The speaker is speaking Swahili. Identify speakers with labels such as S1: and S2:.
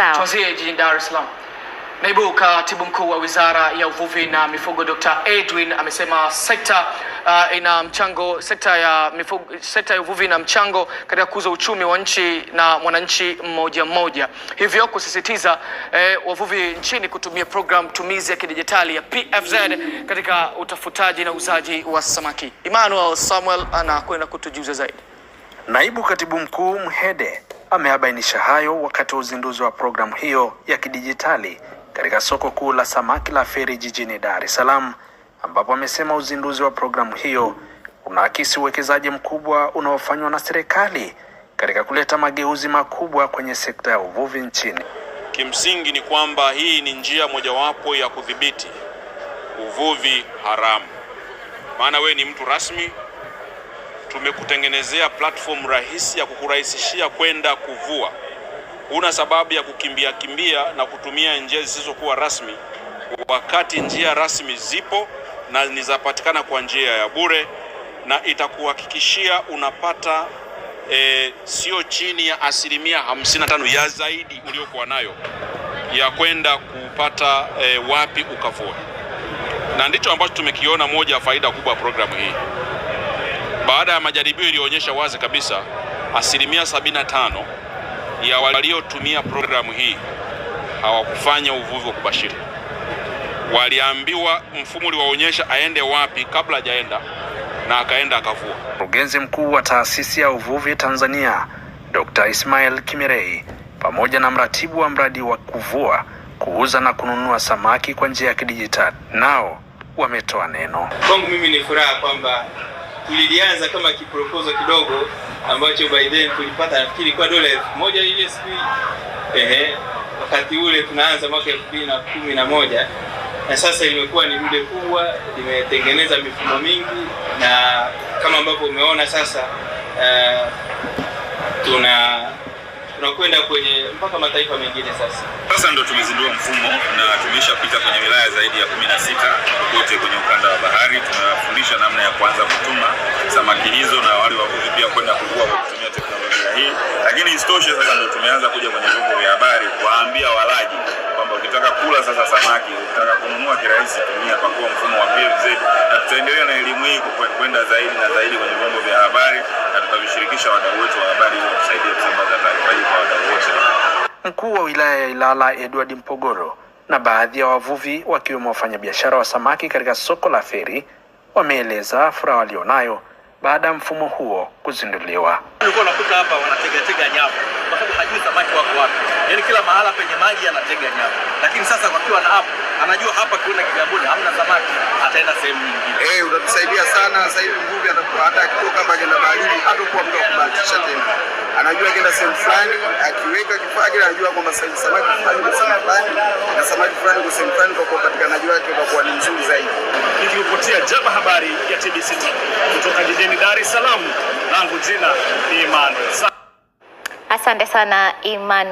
S1: sawa. Tuanzie jijini Dar es Salaam. Naibu Katibu Mkuu wa Wizara ya Uvuvi na Mifugo Dr. Edwin amesema sekta uh, ina mchango sekta ya mifugo, sekta ya uvuvi ina mchango katika kuza uchumi wa nchi na mwananchi mmoja mmoja, hivyo kusisitiza eh, wavuvi nchini kutumia program tumizi ya kidijitali ya PFZ katika utafutaji na uzaji wa samaki. Emmanuel Samuel anakwenda kutujuza zaidi.
S2: Naibu Katibu Mkuu Mhede ameabainisha hayo wakati wa uzinduzi wa programu hiyo ya kidijitali katika soko kuu la samaki la Feri jijini Dar es Salaam, ambapo amesema uzinduzi wa programu hiyo unaakisi uwekezaji mkubwa unaofanywa na serikali katika kuleta mageuzi makubwa kwenye sekta ya uvuvi nchini.
S3: Kimsingi ni kwamba hii ni njia mojawapo ya kudhibiti uvuvi haramu, maana wewe ni mtu rasmi tumekutengenezea platform rahisi ya kukurahisishia kwenda kuvua. Huna sababu ya kukimbia kimbia na kutumia njia zisizokuwa rasmi, wakati njia rasmi zipo na nizapatikana kwa njia ya bure, na itakuhakikishia unapata e, sio chini ya asilimia 55 ya zaidi uliyokuwa nayo ya kwenda kupata e, wapi ukavua na ndicho ambacho tumekiona moja ya faida kubwa ya programu hii. Baada ya majaribio iliyoonyesha wazi kabisa asilimia 75 ya waliotumia programu hii hawakufanya uvuvi wa kubashiri. Waliambiwa, mfumo uliwaonyesha aende wapi kabla hajaenda, na akaenda akavua.
S2: Mkurugenzi mkuu wa taasisi ya uvuvi Tanzania Dr. Ismail Kimirei pamoja na mratibu wa mradi wa kuvua, kuuza na kununua samaki kwa njia ya kidijitali nao wametoa neno.
S4: Kwangu mimi ni furaha kwamba tulilianza kama kiproposal kidogo ambacho by then tulipata nafikiri kwa dola elfu moja ile siku ehe, wakati ule tunaanza mwaka elfu mbili na kumi na moja na sasa imekuwa ni mde kubwa, imetengeneza mifumo mingi, na kama ambavyo umeona sasa, uh, tuna tunakwenda kwenye mpaka mataifa mengine sasa.
S3: Sasa ndo tumezindua mfumo na tumeshapita kwenye wilaya zaidi ya kumi na sita kote kwenye ukanda wa bahari. Tumewafundisha namna ya kuanza kutuma samaki hizo na wale wavuvi pia kwenda kuvua kwa kutumia teknolojia hii, lakini isitoshe, sasa ndio tumeanza kuja kwenye vyombo vya habari kuwaambia walaji kwamba ukitaka kula sasa samaki, ukitaka kununua kirahisi, tumia kwa kuwa mfumo wa PVZ, na tutaendelea na elimu hii kwenda zaidi na zaidi kwenye vyombo vya habari na tutavishirikisha wadau wetu wa habari ili kusaidia kusambaza taarifa hii kwa wadau wote.
S2: Mkuu wa wilaya ya Ilala Edward Mpogoro na baadhi ya wavuvi wakiwemo wafanyabiashara wa samaki katika soko la Feri wameeleza furaha walionayo baada ya mfumo huo kuzinduliwa.
S5: Ulikuwa unakuta hapa wanategatega nyavu kwa sababu hajui samaki wako wapi, yaani kila mahala penye maji anatega nyavu, lakini sasa wakiwa na hapo anajua hapa kiona Kigamboni hamna samaki, ataenda sehemu nyingine.
S6: Eh, hey, utatusaidia sana sasa hivi mvuvi atakuwa hata akitoka mbali na baharini hata kwa mtu akubahatisha tena, anajua akienda sehemu fulani akiweka kifaa kile anajua kwamba samaki fulani sana fulani fulani kusehemu fulani, kwa upatikanaji wake utakuwa ni mzuri zaidi.
S1: Nikiripotia Jaba, habari ya TBC kutoka jijini Dar es Salaam, langu jina ni Imani. Asante sana Imani.